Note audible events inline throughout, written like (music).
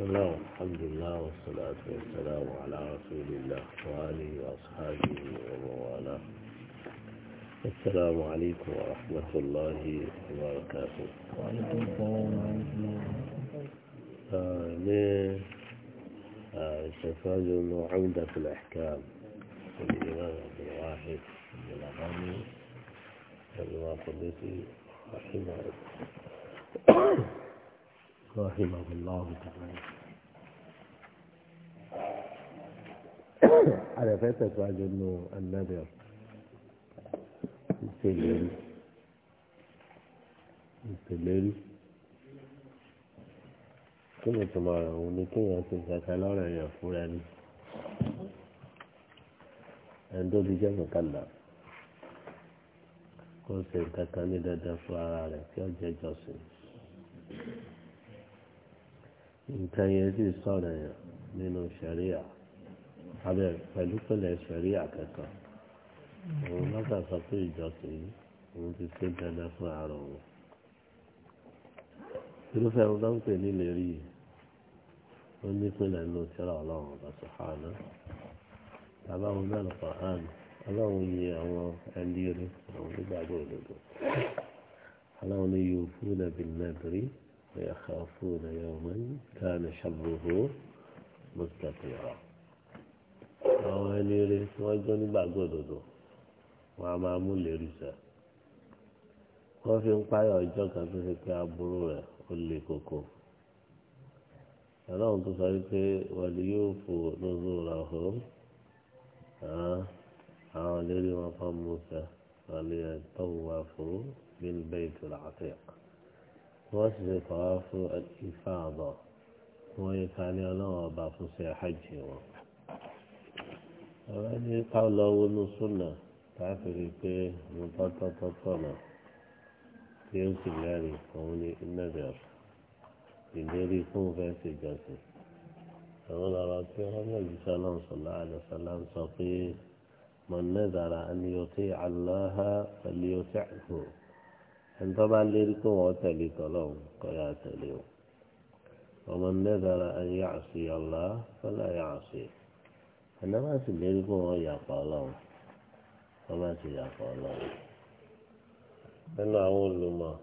السلام الحمد لله والصلاة والسلام على رسول الله وآله وأصحابه ومن السلام عليكم ورحمة الله وبركاته وعليكم السلام ورحمة الله آمين آه، آه، عودة في الأحكام الإمام عبد الواحد بن الأغاني الواقدسي رحمه الله رحمه الله تعالى أنا فاتت بعد أنه النذر السلل السلل كما تمارا ونكي يسنسا كالورا يفوراني عندو بجا مكلف kó ṣe nǹkan kan ní dandan fún ara rẹ̀ kí ọjọ́ ìjọsìn nǹkan yẹn sì sọ̀rọ̀ yẹn nínú sẹ̀ríà abẹ pẹ̀lú pẹ̀lẹ́ sẹ̀ríà kankan òun lọ́kà sọ pé ìjọsìn yìí òun ti ṣe dandan fún ara òun irúfẹ́ òun ló ń pè ní ìlérí yìí ó ní pínlẹ̀ nínú tíra ọlọ́run ọba sọ̀hánà bàbá òun náà lọ́kọ̀ hàn ọlọ́run yin àwọn ẹni rí àwọn onígbàgbọ́ òdodo ọlọ́run ní yóò fún nàbì nàbì ويخافون يوما كان شره مستطيرا àwọn ẹni rẹ tí wọ́n jọ nígbàgbọ́ òdodo wọn a máa mú lérí sẹ wọ́n fi ń páyọ̀ ọjọ́ kan tó ṣe pé aburú rẹ̀ ó le koko ọlọ́run tó sọ wípé wọ́n ni yóò fò lóṣù rà àwọn lérí wọn kan sẹ wọ́n lè tọ́wọ́ wá fún bíi bẹ́ẹ̀ tó làásìkò wọ́n sì ṣe kọ́ fún ifá àbọ̀ wọ́n yí ká ní ọlọ́run ọba fún ṣe hajj wọn. ọ̀rẹ́ ní ká lọ wọnú súnà káfíìrì pé mo tọ́tọ́tọ́tọ́ náà tí ó sì lẹ́rìí òun ní inẹ́bẹ̀rẹ̀ ìlérí fún fẹ́ ṣe jọ̀sìn. àwọn ọ̀rọ̀ tí wọ́n mọ̀ jù sọ́lá ń sọ̀lá àdàsọ́lá ń sọ pé mọ̀ ni yóò tẹ́ àlọ́ ẹni tó bá lérí pé wọ́n tẹ̀lé tọ́lọ́hún kọ́ yá tẹ̀lé o ọmọ nẹ́dàrà ẹni àṣì ọ̀la fẹ́lẹ́ yà àṣì ẹni bá sì lérí pé wọ́n yàpá ọlọ́hún wọ́n bá sì yàpá ọlọ́hún. nínú àwọn olùmọ̀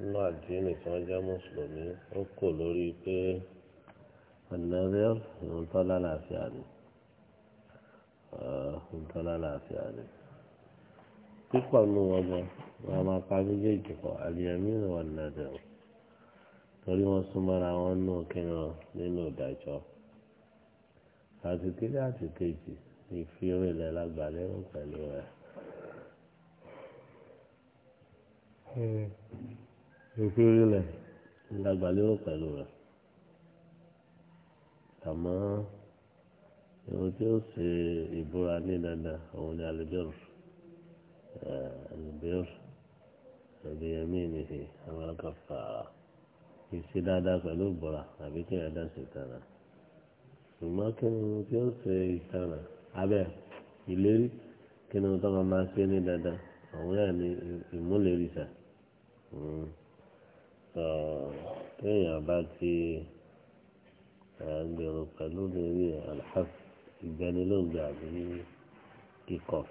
nínú àdínì tí wọ́n jẹ́ mùsùlùmí ó kò lórí pé ọ̀nàdẹ́rẹ́ ìrùntọ́lá làáfíà ni ìrùntọ́lá làáfíà ni pípọ̀ nù ọgbọ̀n wọn a máa ka méjèèjì pọ̀ àlìyàmí wọn nàdẹ̀ o torí wọn súnmọ́ra wọn nù kírun nínú ìdájọ́ àti kílé àti kejì ìfiwé ilẹ̀ lágbàlérò pẹ̀lú rẹ̀. Hmm. ìfiwé ilẹ̀ lágbàlérò pẹ̀lú rẹ̀ àmọ́ ohun tí ó ṣe ìbúra ní dandan òun ni àlejò rẹ̀. البر بيمينه أمر كفارة ìṣe dáadáa pẹ̀lú ìbọ̀ra àbí kí ẹ̀dá ṣe ìtara ṣùgbọ́n kí ni mo ti ń ṣe ìtara abẹ́ ìlérí kí ni mo tọ́ máa máa ṣe ní dandan àwọn ẹ̀ ní ìmúlẹ̀rìṣà tó kéèyàn bá ti gbèrò pẹ̀lú lérí alhaf ìgbẹ́nilóògbé àbí kíkọ̀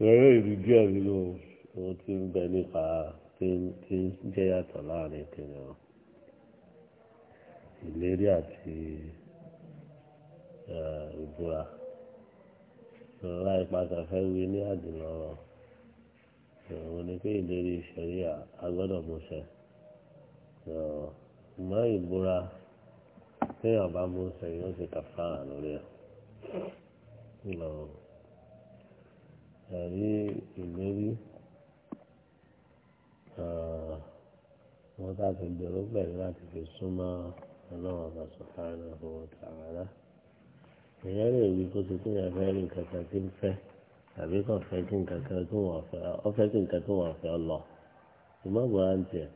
eré ìlú díẹ̀ nínú ohun tí ń bẹ nípa tí ń jẹ́ yàtọ̀ láàrin kìnìún ìlérí àti ìbúra ìrora ìpàtà fẹ́ wí ní àdìlọ́ òun ni pé ìlérí ìṣẹ̀rí àgbọ́dọ̀ mọ̀ṣẹ́ ìbúra. téèyàn bá mú sẹ́yìn ó sì kàfàrà lórí ẹ̀ lọ ẹ̀rí ìlérí wọn bá ti gbèrò pẹ̀lú láti fi súnmọ́ ọlọ́run ọba sọ̀kárì náà fún wọn tààrà èèyàn lè rí kó ti kí èèyàn fẹ́ rí nǹkan kan tí ń fẹ́ tàbí kàn fẹ́ kí nǹkan kan tó wọ́n fẹ́ ọ fẹ́ kí nǹkan tó wọ́n fẹ́ lọ ṣùgbọ́n bó ra ń tẹ̀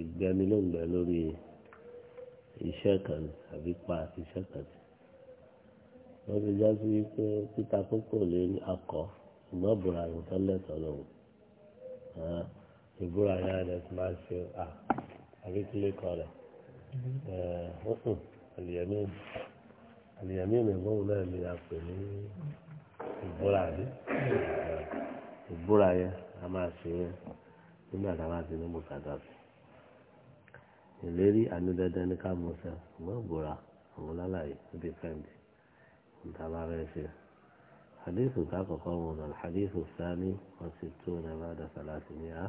ìgbẹ́ni ló ń gbẹ lórí yìí iṣẹ́ kan àbí pa iṣẹ́ kan tì wọ́n ti já sí wípé títa kókò lé ní akọ ṣùgbọ́n ìbúra yìí tó lẹ́tọ̀ọ́ lòun ìbúra yẹn rẹ̀ ti máa ń ṣe à àbí kílé kan rẹ̀ mm-hmm. àlìyẹ̀mí àlìyẹ̀mí ìmọ̀ọ́hún náà ni a pè ní ìbúra rí mm-hmm. ìbúra yẹn a máa ṣe yẹn nígbà tá a bá ti ní bùkátà sí. ìlérí àmì dandan ní ká mọ̀ sẹ́ wọ́n bùra àwọn lálàyé níbi fẹ́ǹdì ntaba rẹ̀ ṣe. حديث كاكو الحديث الثاني والستون بعد ثلاثمائة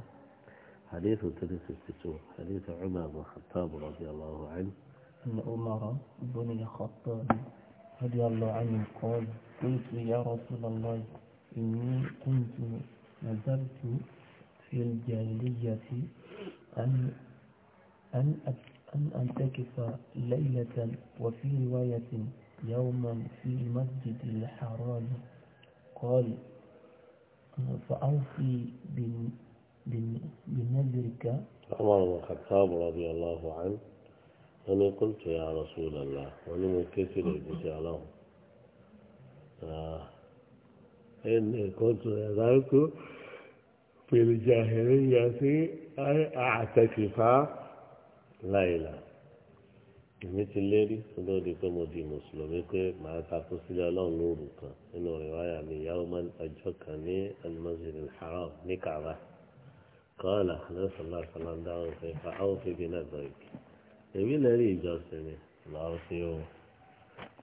حديث تلك الستون حديث عمر بن الخطاب رضي الله عنه أن عمر بن الخطاب رضي الله عنه قال قلت يا رسول الله إني كنت نزلت في الجاهلية أن أن أن أعتكف ليلة وفي رواية يوما في المسجد الحرام قال فأوفي بنذرك عمر بن الخطاب رضي الله عنه أنا قلت يا رسول الله وأنا من كثير له آه، إني كنت ذلك في الجاهلية أن أعتكف láìlà èmi ti lérí lọ́dọ̀ di pé mo di mùsùlùmí pé màá takú sílẹ̀ ọlọ́run lóru kan nínú rìwáyà mi ìyàwó máa ń ọjọ́ kan ní al-Masjid al-Haram ní Kaaba kọ́ọ̀là lọ́sọ̀lá sọ̀lá ń dáhùn pé fa áwọ̀ fi bí náà gbọ́ ìgbì èmi lẹ́rí ìjọsìn mi lọ́ọ́ sí o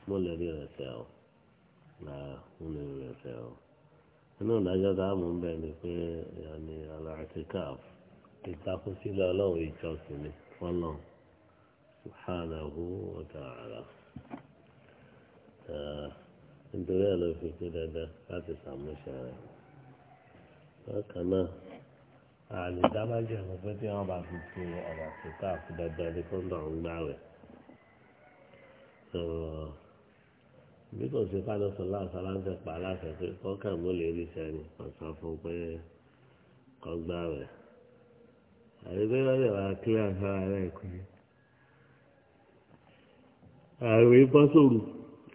mo lẹ́rí rẹ̀ o náà mo lẹ́rí rẹ̀ o inú ìdájọ́ tá a mú bẹ́ẹ̀ ni pé ìyá fọ́lọ̀ subhanahu wa ta'ala nítorí ẹ̀ ló fi pín dandan láti ṣàmúṣe rẹ̀ bákan náà àlè dámájì ẹ̀mọ́ pé tí wọ́n bá fi tu ọ̀rọ̀ àtúntà àti dandan ní kóńdà ń gbà rẹ̀ bí kò sí fáná sọ láǹsà láǹsà pa aláṣẹ pé kọ́kà mọ́ lè rí sẹ́ni ọ̀sán fún pé kọ́gbà rẹ̀ àdúgbò lọ́dẹ̀ wá kílẹ̀ àǹfààní ara ẹ̀kọ́ yẹn. ààrùn yìí bá sòrò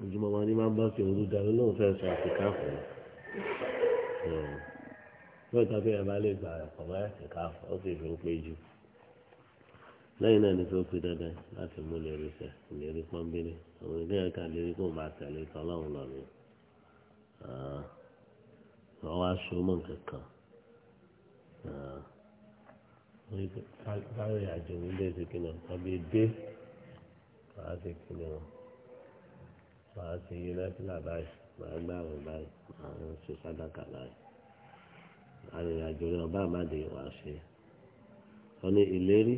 ojúmọ́ wọn ni máa ń bá sí olùdarí náà fẹ́ sọ àtìká fún un. yóò tọ́ pé ẹ bá lè gba ẹ̀kọ́ bá àtìká fún ó sì fi ń pé jù. lẹ́yìn náà ni tó fi dandan láti mú lérí sẹ́ lérí pọ́nbélé àwọn ilé ẹ̀ka lérí kó máa tẹ̀lé tọ́lọ́run lọ ni. wọ́n wá so mọ́ nǹkan kan kárí àjò nílé ìsìnkìnnà tàbí dé màá ṣe kìnnà màá ṣe yúnáfílà báyìí màá gbà wọn báyìí màá ṣe sádàkà báyìí arìnrìnàjò náà bá má dé wàá ṣe ọ ní ìlérí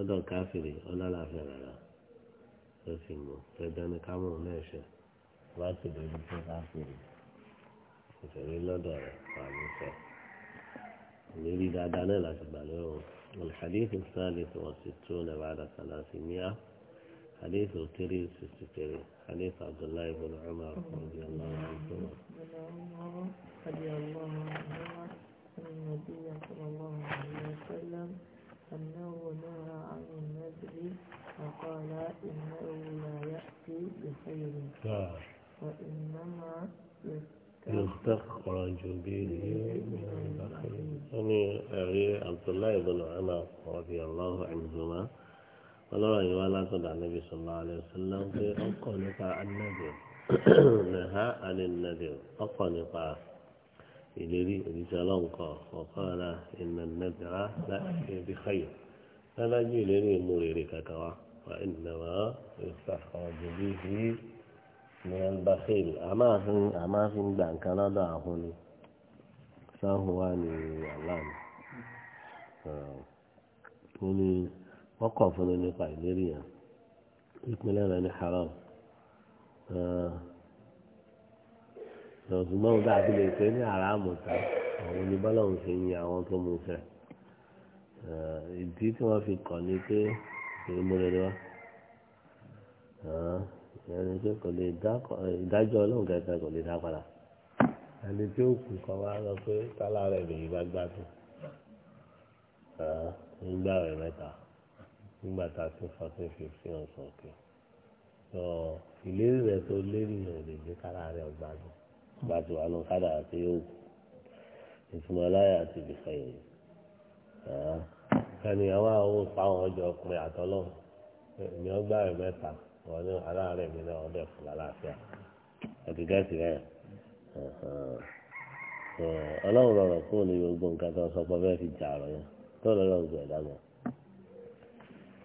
ọdọ káfíìrì ọlọ́láfẹ́ rárá ó sì mọ dandan ní kámọ̀ náà ṣe wá sí lórí fún káfíìrì ìṣẹ̀lẹ̀ lọ́dọ̀ rẹ̀ wà ní sẹ́ẹ̀. نريد دعنا لا الحديث الثالث والستون بعد ثلاثمائة حديث تري ستتري حديث عبد الله بن عمر رضي الله عنه رضي الله عنه أن النبي صلى الله عليه وسلم أنه نهى عن النذر فقال إنه لا يأتي بخير آه. وإنما يستخرج به عمر رضي الله عنهما ولو أن ولا تدع النبي صلى الله عليه وسلم في أقنق النذر نهى عن النذر أقنق إليه رجالنقا وقال إن النذر لا بخير فلا جيل مريرك كوا وإنما يستخرج به من البخيل أما في أما في بنك لا دعهني فهو أني wọ́n ní wọ́n kọ̀ fún un nípa ìlérí yẹn ìpínlẹ̀ rẹ̀ ní haram ṣùgbọ́n òun dàbí lè pé ní àràmù tá àwọn oníbọ́lọ́hùn ṣe ń yan àwọn tó mú fẹ́ ìdí tí wọ́n fi kọ̀ ni pé èyí mú rere wá ẹni pé kò lè dájọ́ ọlọ́run kẹta kò lè dá padà ẹni tí ó kù kọ́ wá lọ pé tálá rẹ̀ lè yí bá gbádùn nígbà rẹ̀ mẹ́ta nígbà tá a ti fourteen fifteen ọ̀sán òkè tó ìlérí rẹ̀ tó lérí rẹ̀ lè jẹ́ kára rẹ̀ gbádùn gbádùn àánú kádà àti yóògùn ìtumọ̀ láyà àti ìbìfẹ́ yìí ẹni àwọn àwọn òpáwọn ọjọ́ ọkùnrin àtọ́lọ́ èmi ọgbà rẹ̀ mẹ́ta wọn ní aláàárẹ̀ mi náà ọdẹ fún àlàáfíà ẹ̀dí gẹ́sì rẹ̀ ọlọ́run rọrọ̀ kúrò ní gbogbo nǹkan tó sọ pé bẹ́ẹ̀ fi jà ọ̀rọ̀ yẹn tọ́lọ̀ lọ gbẹ̀ dáná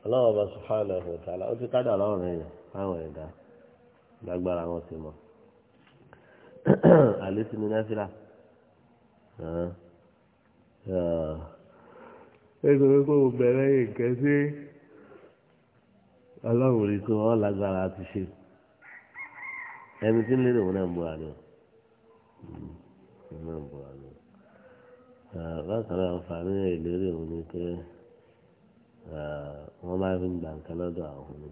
ọlọ́wọ́ bá subhanahu wa ta'ala ó ti kádà lọ́rùn ẹ̀yàn fáwọn ẹ̀dá lágbára wọn ti mọ̀ àlè ti ní náfìlà ẹgbẹ́ pé mo bẹ̀rẹ̀ nǹkan sí ọlọ́run rí tó wọ́n lágbára ti ṣe ẹni tí ń lérò wọn náà ń bọ̀ àná wọn bákan náà àǹfààní ìlérí òun ni pé wọ́n máa fi ń gbà nǹkan lọ́dọ̀ àwọn ni.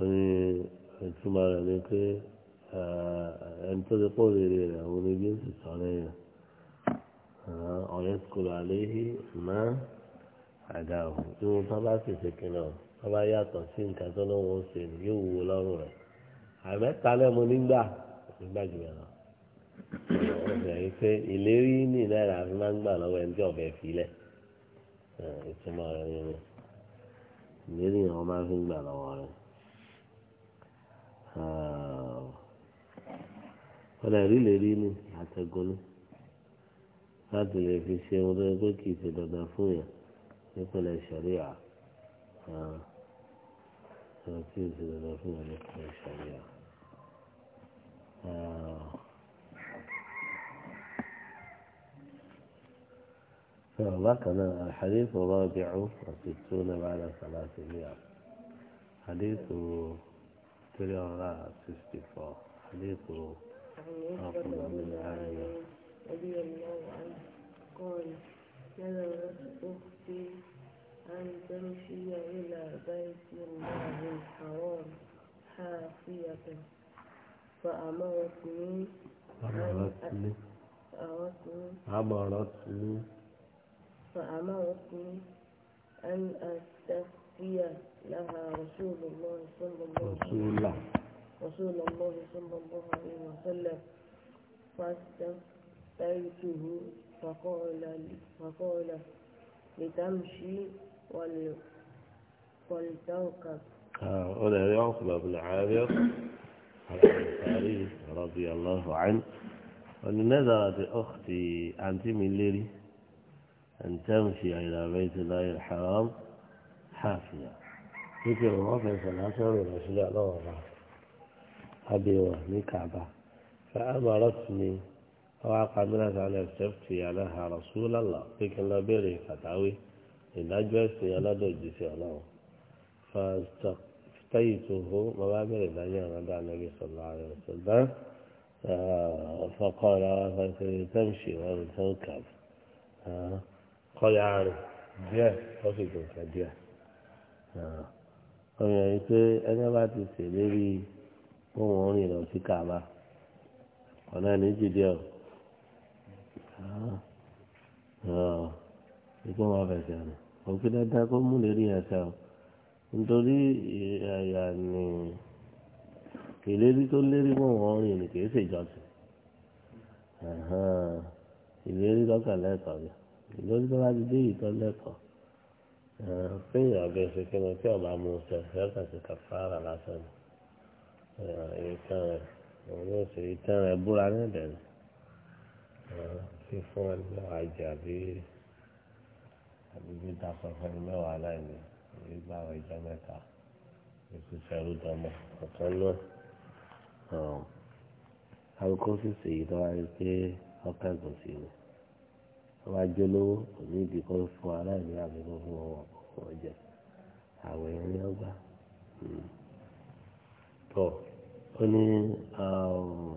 ó ní ìtumọ̀ rẹ̀ ni pé ẹni tó ti pọ̀ rere rẹ̀ òun ni bí ó sì sọ lẹ́yìn ọ̀rẹ́ kúrò àléhì máa àdá òun tí wọ́n bá sì ṣe kìnnà wọ́n bá yàtọ̀ sí nǹkan tó lọ́wọ́ ṣe yóò wúwo lọ́rùn rẹ̀ àmẹ́ta lẹ́mu nígbà nígbà jù lọ. ọ̀sẹ̀ yìí pé ìlérí ní náírà fi máa ń gbà lọ́wọ́ ẹni tí ọ̀bẹ fi lẹ̀ ìtumọ̀ rẹ̀ nínú ìlérí yẹn wọ́n máa fi ń gbà lọ́wọ́ rẹ̀. wọ́n rí ìlérí ní àtẹ̀gùn ní láti lè fi ṣe ohun tó yẹ pé kì í ṣe dandan fún yẹn nípínlẹ̀ ṣẹ̀ríà. التركيز للمفهوم الاسم الشريعة آه. فذكر الحديث الرابع وستون بعد ثلاثمائة حديث 364 حديث عقل من عامر رضي الله عنه قال نذرت أختي أن تمشي إلى بيت الله الحرام حافية فأمرتني أمرتني أمرتني فأمرتني أن أستفتي لها رسول الله صلى الله عليه وسلم رسول الله صلى الله عليه وسلم فاستفتيته فقال فقال لتمشي وال عقبة آه، بن عامر الأنصاري رضي الله عنه أن نذرت أختي أنت من ليلي أن تمشي إلى بيت الله الحرام حافية ذكر الله في ثلاثة من رسول الله أبي وهمي كعبة فأمرتني وعقد منها أن استفتي لها رسول الله ذكر الله بيري فتاوي ìdájọ́ ẹ̀sìn aládọ̀jì sí ọlọ́run fàtàyì tó hó mo bá bẹ̀rẹ̀ ìdájọ́ ìrànlọ́dọ̀ ànábì sọ̀lá rẹ̀ ṣọ̀dá fọkànlá fàtàyì tẹ́ǹṣì ọ̀rùn tẹ́ǹkàb kọ́yà rẹ̀ díẹ̀ ó sì gùn kà díẹ̀. ọmọ yẹn pé ẹni bá ti sè lérí ohun orin lọ sí kàbá ọ̀nà ìníjì díẹ̀ ikú wọn fẹsẹ̀ rìn òkè dáadáa kó mú lè rí ẹsẹ̀ o nítorí ẹ̀yà ni ìlérí tó lérí mọ́ wọn rìn ní kìí ṣe ìjọsìn ìlérí lọ́kàn lẹ́kọ̀ọ́ ni ìlérí tó bá ti dé ìtọ́ lẹ́kọ̀ọ́ fẹ́yìn àbẹ̀sẹ̀ kí ni tí ọba mú ṣe ẹ̀ka ṣe kàfàrà lásán ìtàn rẹ̀ òun yóò ṣe ìtàn rẹ̀ búra ní ẹ̀dẹ̀ rẹ̀ fífún ẹni náà àjàbí ta sọ fún mi mẹ́wàá aláìní ìgbà àwọn ìjọ mẹ́ta èsì sẹ́rù dọ́mọ ọ̀kan náà àwòkọ sì ṣe èyí tó wá rí pé ọkàn gùn sí ni wọ́n wá jó lówó kò ní ìdí kan fún aláìní àbíkó fún wọn fún ọjẹ àwọ̀ yẹn ní ọgbà hmm. tó ó ní um,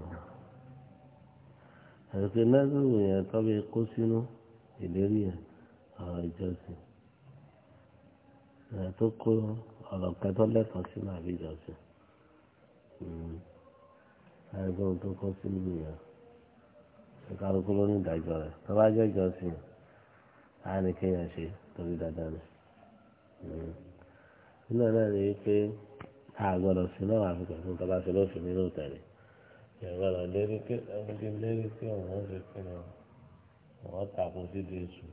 ẹ̀rọ pé nẹ́sìrì yẹn tọ́ bí kó sínú ìlérí yẹn ọ̀rọ̀ ìjọsìn tó kó ọ̀rọ̀ kan tó lẹ́tọ̀ọ́ sínú àbí ìjọsìn ẹgbẹ́ tó kó sínú ìyẹn ìkàlùkù ló ní ìdájọ́ rẹ̀ tó bá jẹ́ ìjọsìn á ní kéèyàn ṣe torí dandan ni hmm. nínú náà ni wípé a gbọ́dọ̀ sí náà àfi pẹ̀lú nǹkan bá ṣe lófin nínú tẹ̀lé ìgbọ́dọ̀ lérí pé ẹgbẹ́ lérí pé òun ṣe kí ni wọ́n takun sí di èṣù.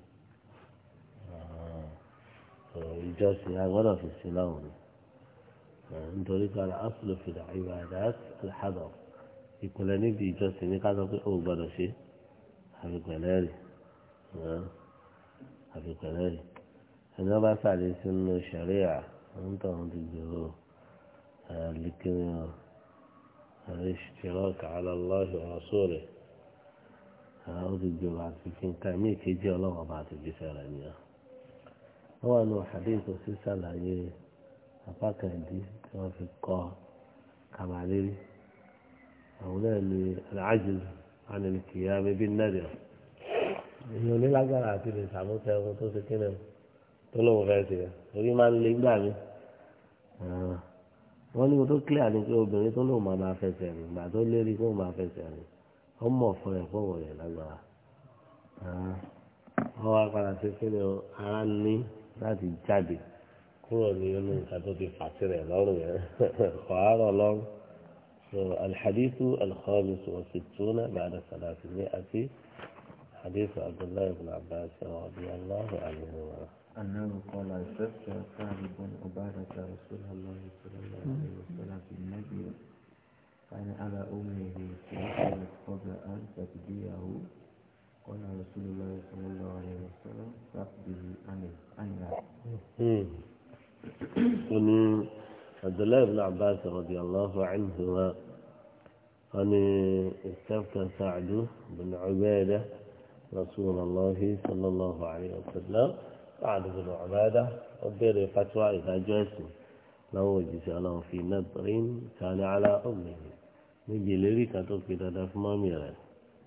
ìjọsìn agbọ́dọ̀ fi sin láwọn ni nítorí pé aláṣọ fi dà ìwà àdáṣ alhadọ ìpìlẹ̀ níbi ìjọsìn ní ká sọ pé ó gbọ́dọ̀ ṣe àfikẹ̀lẹ́ rì àfikẹ̀lẹ́ rì ẹni wọ́n bá sàlẹ̀ sínú sẹ̀ríà ń tọ̀ ń ti gbèrò àlìkiri wọn àríṣìṣẹ́rọ̀ kàálà lọ́ọ̀ṣọ́ àṣọ́rẹ̀ ó àti fi ń ọlọ́wọ́ bá ti fi wọ́n wà ní hadith sí sàlàyé apákàndí tí wọ́n fi kọ́ kàmàlérí àwọn náà ní aláàjìlú ànìkìyà bíbí nàdìr èèyàn nílágbára àti lè sàmúta ẹkún tó ṣe kíni tó lóun fẹ́ ṣe orí máa ń le gbà mí wọ́n ní mo tó kílẹ̀ àní pé obìnrin tó lóun máa máa fẹsẹ̀ rìn ìgbà tó lérí kó máa fẹsẹ̀ rìn wọ́n mọ̀ ẹ̀ fún rẹ̀ lágbára wọ́n wá padà sí kíni ara ní láti jáde kúrò ní inú nǹkan tó ti fà sílẹ̀ lọ́rùn yẹn kọ̀ọ̀rọ̀ lọ́rùn. الحديث الخامس والستون بعد ثلاثمائة حديث عبد الله بن عباس رضي الله عنهما أنه قال استفتى سعد بن عبادة رسول الله صلى الله عليه وسلم في النبي كان على أمه قبل أن تبديه قال رسول الله صلى الله عليه وسلم فأخبره عنها أني عبد الله بن عباس رضي الله عنهما أني استفتى سعد بن عبادة رسول الله صلى الله عليه وسلم سعد بن عبادة أبير فتوى إذا جلسوا لو جزاه في نظر كان على أمه نجي لريكا تطفي تدف ماميرا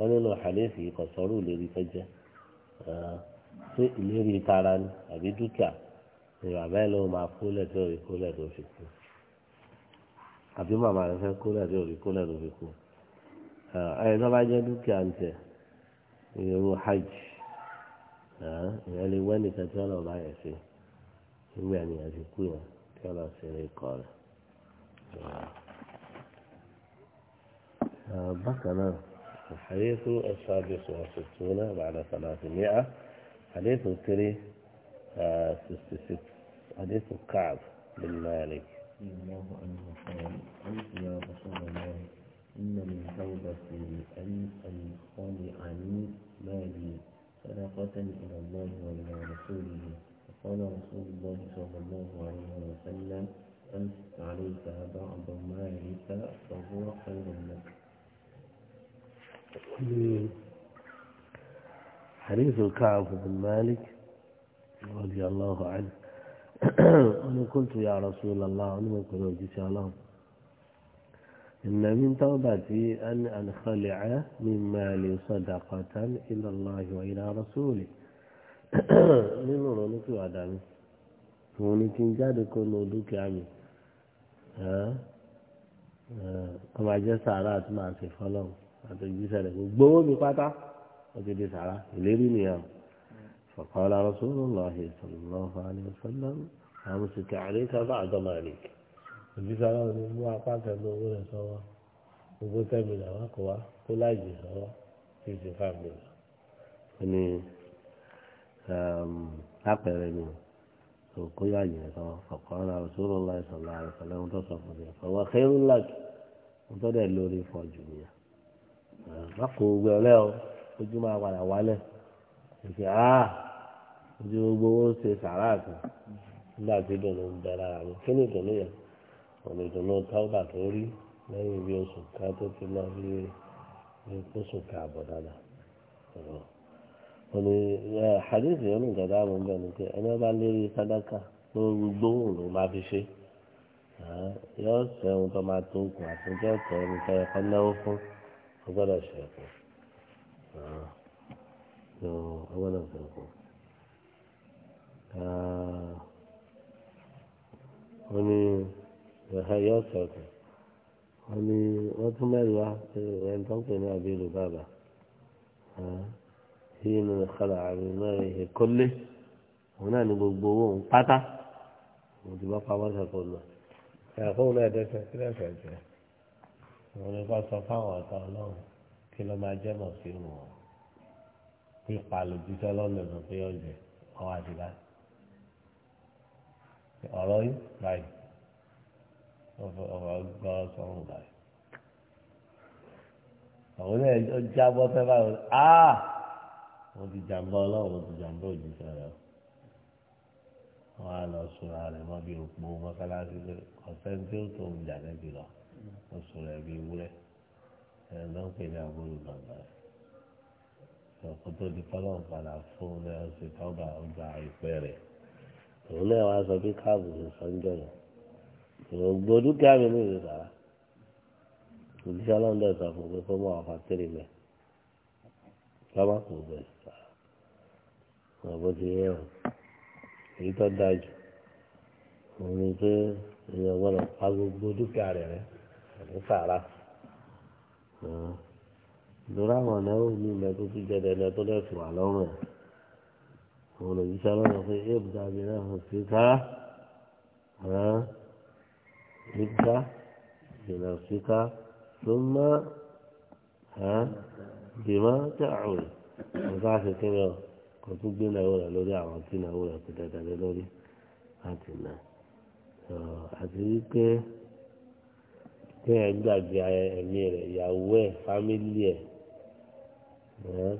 wọn nínú àlééfì kò sọ̀rọ̀ ìlérí ṣé ah, ìlérí tara ni àbí dúkìá ni bàbá lọ́wọ́ máa tí tó fi kú àbí màmá fẹ́ tí tó fi kú ah, tó bá jẹ́ dúkìá ń tẹ̀ hajj ah, ìyẹn lè wẹ́ nìkan tí ti kú yẹn tí wọ́n lọ الحديث السادس وستون بعد ثلاثمائة حديث تري آه، ستة حديث كعب بن مالك رضي الله عنه قال قلت يا رسول الله إن من توبتي أن أنخلعني مالي صدقة إلى الله وإلى رسوله فقال رسول الله صلى الله عليه وسلم أنفق عليك بعض مالك فهو خير لك حديث الكعب بن مالك رضي الله عنه (clears throat) أنا قلت يا رسول الله أنا قلت إن شاء الله إن من توبتي أن أنخلع من مالي صدقة إلى الله وإلى رسوله (clears throat) من رونك وعدامي رونك إن جاد كون ودوك عمي ها ها كما جاء سعرات معك في فلو àti ìjísẹ́ rẹ̀ gbogbo owó mi pátá wọ́n ti di sàrà ìlérí nìyẹn فقال رسول الله صلى الله عليه وسلم أمسك عليك بعد مالك òbí sábà ní mú apá kẹlẹ owó rẹ sọ́wọ́ gbogbo tẹmí làwọn kọ wá kó láàyè sọ́wọ́ tí ìṣe fáàmì rẹ. ó ní àpẹẹrẹ um, ni o kó láàyè rẹ sọ́wọ́ ọkọ ọ̀nà àrùsọ̀rọ̀ ńlá ìṣọ̀lá ń tọ́ dẹ̀ má gbẹ ọlẹ́ o ojú máa padà wálẹ̀ ìfẹ́ ah ojú gbogbo ó ṣe sàrà àti nígbà tí ìdùnnú ń bẹ lára mi kí ni ìdùnnú yẹn ọ̀nà ìdùnnú táwọ́bà tó rí lẹ́yìn bí oṣù ká tó ti lọ bí oṣù ká àbọ̀ dáadáa ọ̀nà hadith yẹn nìkan dáàbò ń bẹ ní ẹni bá lérí sádákà ló gbóhùn ló máa fi ṣe yọ sẹ́wọ̀n tó máa tó kù àti jẹ́ tẹ̀ ẹni náwó fún ó gbọ́dọ̀ ṣẹ̀kù ó gbọ́dọ̀ ṣẹ̀kù. ó ní yóò ṣẹ̀kù ó ní wọ́n tún mẹ́rin wá ẹni tó ń pè ní abiru bàbà yìí ní ìkọlà àmì mẹ́rin ìkọ́lé òun náà ní gbogbo owó òun pátá òun ti bá pamọ́ ṣẹ̀kù náà ẹ̀kọ́ òun náà dẹ́sẹ̀ kí lẹ́sẹ̀ jẹ́ òun ni wọ́n sọ fáwọn ọ̀tá ọlọ́run kí ló máa jẹ́ mọ̀ sí wọn pípa lòjíṣẹ́ lọ́nà ló pé ọ̀jẹ̀ ọwọ́ àdìbá ọ̀rọ̀ yìí báyìí ọ̀rọ̀ gbọ́ sọ́run báyìí àwọn ilé ẹjọ́ jábọ́ sẹ́fà rẹ̀ áà wọ́n ti jàǹbá ọlọ́run wọ́n ti jàǹbá òjíṣẹ́ rẹ̀ wọ́n á lọ sùn ara rẹ̀ mọ́ bí òpó mọ́sálásí ọ̀sẹ̀ tí ó tó ń jà lẹ́bi lọ oṣù rẹ̀ bí ewúrẹ́ ẹ̀ ló ń pè ní àbúrò bàbá rẹ̀ ọ̀pọ̀ tó di kọ́lọ̀ padà fún ní ọ̀sẹ̀ tọ́ba ọgbà ìpẹ́ rẹ̀ òun náà wá sọ pé káàbù ní sọ́njọ́ yẹn ògbó dúkìá mi ní ìrẹsà òjíṣẹ́ ọlọ́dọ̀ sọ fún pé kó mọ àwọn fàtírì mẹ́ lọ́wọ́ kò bẹ̀ e sà ọ̀bọ̀ ti yẹ o èyí tó dájú òun ni pé èèyàn gbọ́dọ̀ pa gbogbo dúkìá rẹ̀ rẹ̀ pẹ̀lú sàrà lórí àwọn ọ̀nàwó ní ilẹ̀ tó ti jẹ́ dandan tó lẹ́sùn wà lọ́rùn ẹ̀ àwọn olùyíṣẹ́ lọ́rùn pé ébùdá mi náà hàn sí ká ébùdá ìrìnà sí ká tó má bìmọ́ tẹ̀ àwòrán ọ̀gá ṣe kéré ọ̀ kò tún gbé náà rẹ̀ lórí àwọn tí náà rẹ̀ kò dandan lórí láti náà àti wípé. kí ẹ gbàgbé ẹ̀mí rẹ̀ ìyàwó ẹ̀ fámìlì ẹ̀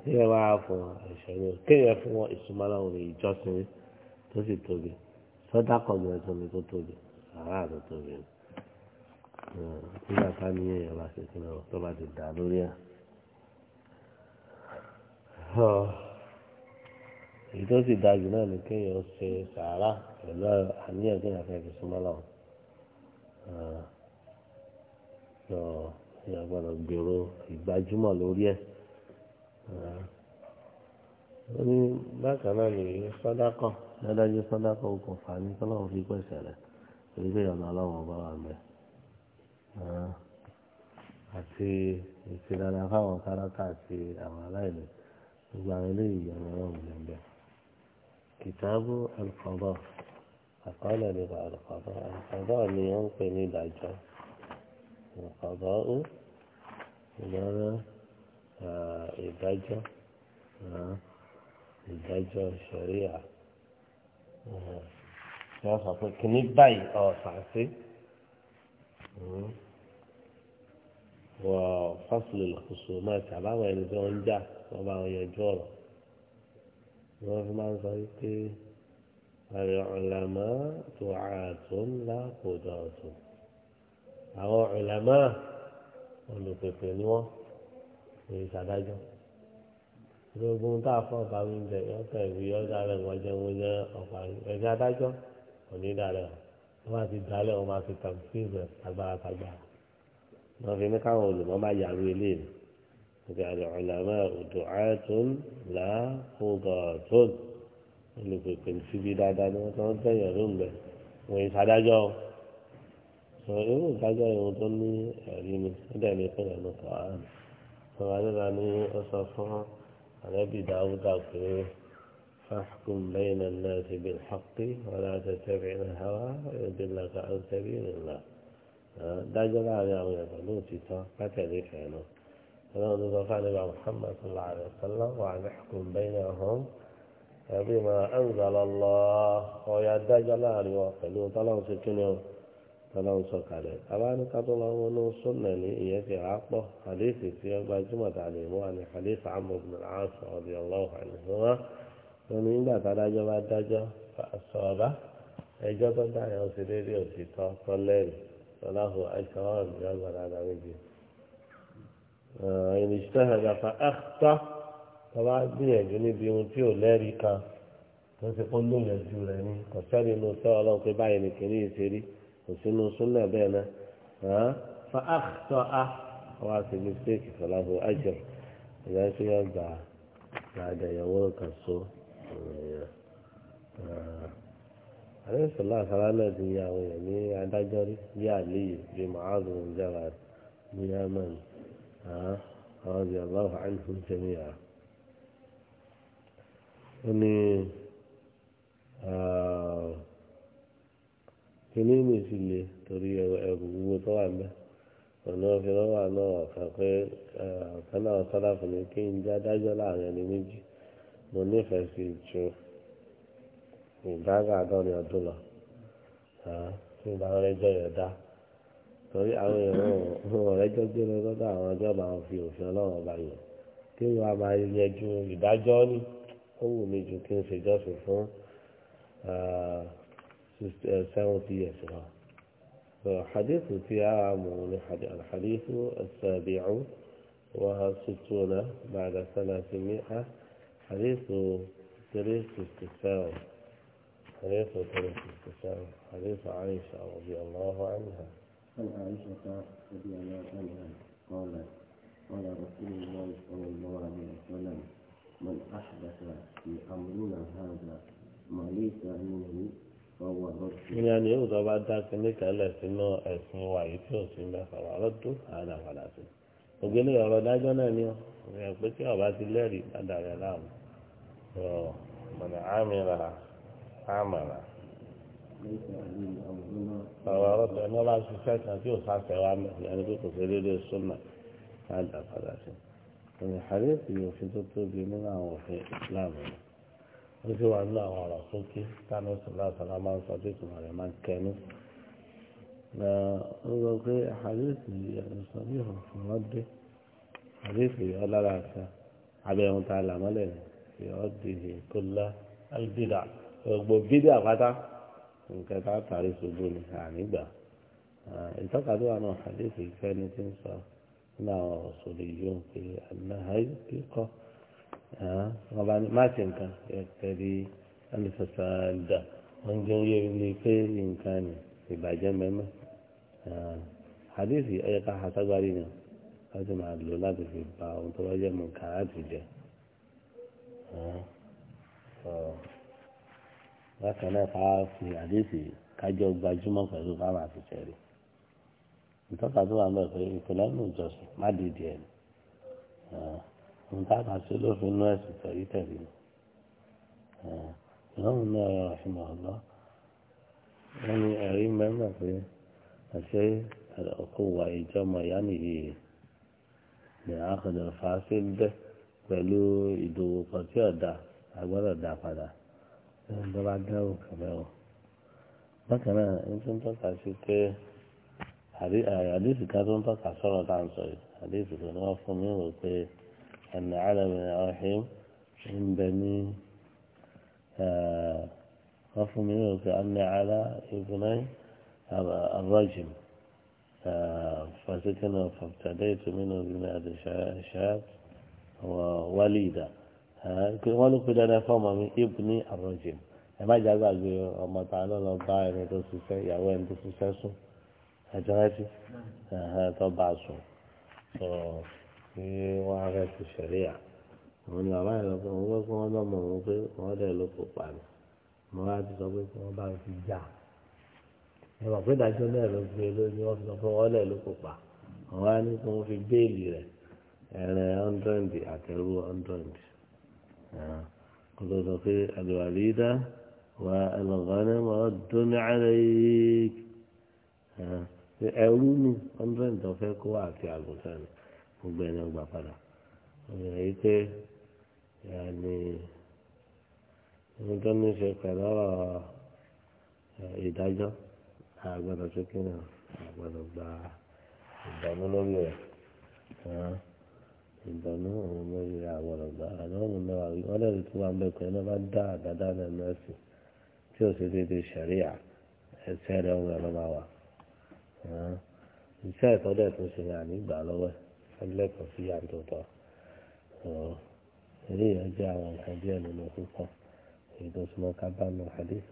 kí ẹ wá fún ẹ̀ṣẹ̀ rẹ̀ kí ẹ fún wọn ìsúnmọ́lá òun ìjọsìn tó sì tóbi sọ́dá kọ̀ọ̀gbìn ẹ̀sùn mi tó tóbi ara tó tóbi nígbà tá ní èèyàn bá ṣe kíni ọ tó bá ti dà lórí ẹ̀. èyí tó sì dájú náà ni kéèyàn ṣe sàrà pẹ̀lú àníyàn kéèyàn fẹ́ fi súnmọ́lá tó èèyàn gbọ́dọ̀ gbèrò ìgbájúmọ̀ lórí ẹ̀ ó ní bákan náà ní sọ́dákọ̀ dádájú sọ́dákọ̀ okùnfà ní tọ́lọ́run fi pèsè rẹ̀ torí pé ọ̀nà ọlọ́run ọba wà mẹ́ àti ìṣẹ̀dára fáwọn kárátà àti àwọn aláìní gbogbo àwọn eléyìí ọ̀nà ọlọ́run lè bẹ̀. kìtàbù alùpàdọ̀ àkọọ́lẹ̀ nípa alùpàdọ̀ alùpàdọ̀ ni wọ́n ń pè ní ìdájọ́. القضاء وماذا الدجر آه، الدجر الشريعة آه، شاف آه، أقول كنيت باي أو صحيح وفصل الخصومات على وين زون جا وما هي جورا وفي منزلتي العلماء دعاة لا قدرة àwọn ìlànà olùpèpè ni wọ́n èyí sàdájọ́ gbogbo tá a fọ́ ọba wíńdẹ yọkẹ́ ìwé ọjà rẹ̀ wọ́jẹ́ wọ́jẹ́ ọ̀pá ẹ̀jẹ̀ adájọ́ onídàálẹ̀ wọ́n bá ti dálẹ̀ wọ́n máa fi tàbí rẹ̀ agbára tagbára wọ́n fi ní káwọn olùmọ́ máa yàrá eléyìí nígbà àlẹ́ ọ̀làmọ́ òdò ààtún là kóbọ̀tún olùpèpè síbi dáadáa ni wọ́n tán tẹ̀yẹ̀ lóńgbẹ wọ́n ìsàdájọ́ فإن الحاجة يوضني أريمي أدع لي قيل أنه قرآن فقال لأني أصفى على أبي داود أكري فاحكم بين الناس بالحق ولا تتبع الهوى يدلك عن سبيل الله دا جلع لي أغنى فنوتي تا قتل كأنه فلا نتوقع لي محمد صلى الله عليه وسلم وعن أحكم بينهم بما أنزل الله ويا دا جلع لي وقلوا طلعوا سكينهم tọ́lọ́wọ́ sọ̀kalẹ̀ abáni kátólọ́ wọn ní sọ́nà ní ìyẹn ti rà pọ̀ àdéhìí tí wọ́n gbajúmọ̀ tà lè mú àní àdéhìí àmọ̀ ibn al-As radiyallahu anhu wọn ní nígbà tádájọ́ bá dájọ́ sọ̀ọ́bá ẹjọ́ tó dáyà ó òtítọ́ tọ́lẹ́rì gbìyànjú níbi ohun tí kò sínú súnà bẹ́ẹ̀ náà fa àkùtọ̀ a wọ́n á ti mistake fọláfọ àjọ ìyá ṣe yọ gbà láàdà ìyàwó kan so àlẹ́ ìṣọ̀lá àkàrà náà ti yà àwọn èèyàn ní adájọ́ rí bí àlíyè bí màálù ń jára ní yámẹ́ni àwọn ọ̀dẹ̀ aláwọ̀ àìsàn tẹ̀lé yà. ó ní kíní mi sì le torí ẹrù gbogbo tó wà mẹ́ ọ̀nà òfin lọ́wọ́ àná ọ̀kan pé ọ̀kan náà sọ́dà fún mi kí n já dájọ́ láàrin ẹni méjì mo nífẹ̀ẹ́ sí ju ìdága àádọ́rin ọdún lọ tí ìgbà rẹjọ́ yẹn dá torí àwọn èèyàn wọn rẹjọ́ gbé lọ lọ́dọ̀ àwọn ọjọ́ máa fi òfin ọlọ́run ọba yẹn kí wọn a máa yẹjú ìdájọ́ ni ó wù mí ju kí n ṣèjọ́sìn fún. سعودية حديث تيام الحديث السابع وستون بعد ثلاثمائة حديث تريس استساو حديث تريس استساو حديث عائشة رضي الله عنها عائشة رضي الله عنها قالت قال رسول الله صلى الله عليه وسلم من أحدث في أمرنا هذا ما ليس منه ìyẹn ni yóò tọ́ bá dá kínní kẹlẹ̀ sínú ẹ̀sìn wa yìí tí ò sí mẹ́fà wà lọ́dún àádá padà sí. ògbélé ọ̀rọ̀ dájọ́ náà ni ìyẹn pé tí ọba ti lẹ́rìí padà rẹ̀ láàmú. mọ̀nà àmìlà àmàlà. ọ̀rọ̀ ọ̀rọ̀ tẹ̀ ní ọba ṣiṣẹ́ kan tí ò sáfẹ́ wa mẹ́ ìyẹn pé kò fẹ́ déédéé súnmọ́ àádá padà sí. ìrìn àríyìn òfin tó tóbi nínú àwọn òfin ìsìláàmù yìí ó sì wà nínú àwọn ọ̀rọ̀ sókè tánú sọlá sọlá máa ń sọ tí ìtumọ̀ rẹ̀ máa ń kẹnu. ó sọ pé àdéhùn ìsọ̀bí ọ̀fun ọdẹ àdéhùn ọlára àṣà abẹ́hùn tá a là mọ́lẹ̀ ní ọ̀dìhì tó lá albídà gbogbo bídà pátá nǹkan tá a tàrí ṣubú ni ànígbà ìtọ́ka tó wà náà àdéhùn ìfẹ́ ni ti ń sọ nínú àwọn ọ̀sọ̀lẹ̀ yìí ó ń pe àná wọn bá ní má ṣe nǹkan ẹ̀ẹ́dẹ́rì alùpùpù àdá wọn oyè ní pé nǹkan ni ìbàjẹ́ mẹ́mọ́ àdéhùn ẹ̀ka àtàgbárí ni máa lò fi ba ohun tó bá bákan náà ká fi àdéhùn kájọ àfihàn ìtọ́ka tó wà ń bẹ̀ pé ìpínlẹ̀ nǹkan àti olófin inú ẹ̀sìn tẹ̀lé tẹ̀lé ni ìlọ́run náà yọ àfihàn ọ̀lọ́ wọ́n ní ẹ̀rí mẹ́mà pé àṣẹ ọkọ̀ wà ìjọmọ ìyá nìyí ni àkàndọ̀ fàáṣẹ́ bẹ́ pẹ̀lú ìdòwò kan tí ọ̀dà agbọ́dọ̀ dá padà lẹ́yìn tó bá dẹ́rù kẹmẹ́rù bákan náà ń tún tọ́ka sí pé àdéhùn kan tó ń tọ́ka sọ̀rọ̀ tá à ń sọ yìí àdéhùn kan ni wọ́n fún mi rò pé. أن علم الرحيم ń bẹ ní wọ́n fún mi nínú pé anna ala ibùnáì arrajim fasikina fàbtàdéètò nínú ìgbìmọ̀ àti ṣáàt wàlídà wọ́n ló pe dandan fún ọmọ mi ibùní arrajim ẹ má jà gbàgbé ọmọ tá a lọ lọ bá ẹni tó ṣiṣẹ́ ìyàwó ẹni tó ṣiṣẹ́ sùn ẹ̀jẹ̀ rántí tó bá a sùn ní wàá rẹ̀ ti ṣẹ̀rí à àwọn ni bàbá ìlọ pé wọ́n gbọ́ pé wọ́n lọ́mọ òun pé wọ́n dẹ̀ ló kó pa ni mo wá ti sọ pé kí wọ́n bá fi já ẹ mọ̀ pé dájọ́ náà ló gbé lórí wọ́n fi sọ pé wọ́n lẹ̀ ló kó pa àwọn á ní kí wọ́n fi béèlì rẹ̀ ẹ̀rẹ̀ hundred àtẹ̀rù hundred kò tó sọ pé àlùwàlídá wà ẹlọ́gánná mọ́ dóní àlẹ́ ni hundred ọ̀fẹ́ kó àti àgùntàn ni gbogbo ẹni ọgbà padà ọ̀rọ̀ yìí pé yàní ni tó ní ṣe pẹ̀lú ọ̀rọ̀ ìdájọ́ àgbàdo sókèrè àgbàdo gba ìdánú lórí rẹ̀ ìdánú òun lórí rẹ̀ àgbàdo gba àdánù náà wọ́n lè rí tí wọ́n bẹ̀ pé ẹni bá dá àdádá náà nọ́ọ̀sì tí ò sì déédéé ṣẹ̀ríyà ẹsẹ̀ rẹ̀ ọ̀rọ̀ ló máa wà iṣẹ́ ìtọ́jú ẹ̀ tó ṣe ní ànígbà lọ́wọ́ ẹ̀. حق لك في عند الله هي جاء الحديث المخوفة إذا سمع كبار الحديث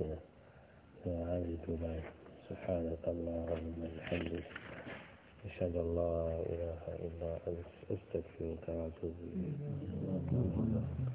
فهذه تبين سبحانك اللهم الحمد أشهد أن لا إله إلا أنت أستغفرك وأتوب إليك